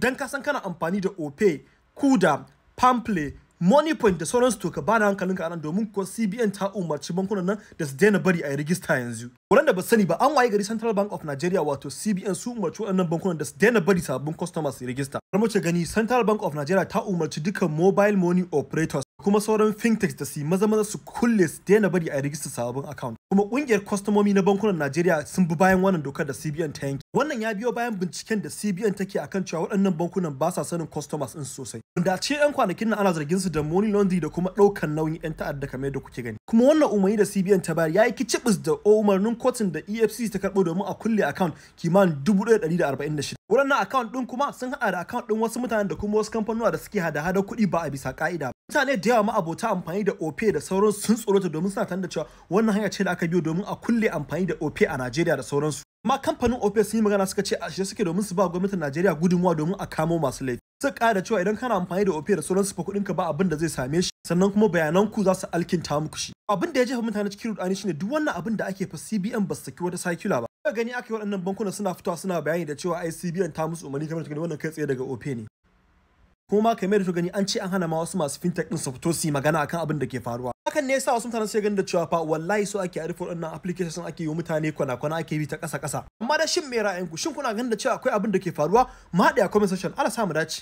idan ka san kana amfani da ope kuda pample money point da sauransu to ka bada hankalinka anan domin kuwa cbn ta umarci bankunan nan da su daina bari a yi rigista yanzu da ba sani ba an waye gari Central Bank of Nigeria wato CBN su umarci waɗannan bankunan da su daina bari sabbin customers register. Har muke gani Central Bank of Nigeria ta umarci dukkan mobile money operators kuma sauran fintechs da su maza maza su kulle su daina bari a register sabbin account. Kuma ƙungiyar kwastomomi na bankunan Najeriya sun bi bayan wannan dokar da CBN ta yanke. Wannan ya biyo bayan binciken da CBN take akan cewa waɗannan bankunan ba sa sanin customers in sosai. Da ce 'yan kwanakin nan ana zargin su da money laundry da kuma ɗaukan nauyin 'yan ta'adda kamar yadda kuke gani. Kuma wannan umarni da CBN ta bayar ya yi kicibis da umarnin kotun da efc ta karɓo domin a kulle account kimanin 1,146 waɗannan account ɗin kuma sun haɗa da account ɗin wasu mutanen da kuma wasu kamfanonuwa da suke hada-hada kuɗi ba a bisa ƙa'ida mutane da yawa abota amfani da ope da sauran sun tsorota domin suna tanda cewa wannan hanya ce da aka biyo domin a kulle amfani da ope a najeriya da sauransu amma kamfanin ope sun yi magana suka ce a shirye suke domin su ba gwamnatin najeriya gudunmuwa domin a kamo masu laifi zai ƙara cewa idan kana amfani da ofiyar da sauransu fa ka ba abin da zai same shi sannan kuma bayanan ku za su alkinta muku shi abin da ya jefa mutane cikin rudani shine duk wannan abin da ake fa CBN ba saki wata circular ba ka gani aka yi waɗannan bankuna suna fitowa suna bayani da cewa ai CBN ta musu umarni kamar wannan kai tsaye daga OPE ne kuma kamar da gani an ce an hana ma wasu masu fintech din su fito su yi magana akan abin da ke faruwa hakan ne yasa wasu mutane sai ganin da cewa fa wallahi so ake arifa wannan application ake yi mutane kwana kwana ake bi ta kasa kasa amma da shin me ra'ayinku shin kuna ganin da cewa akwai abin da ke faruwa mu da comment section ala samu dace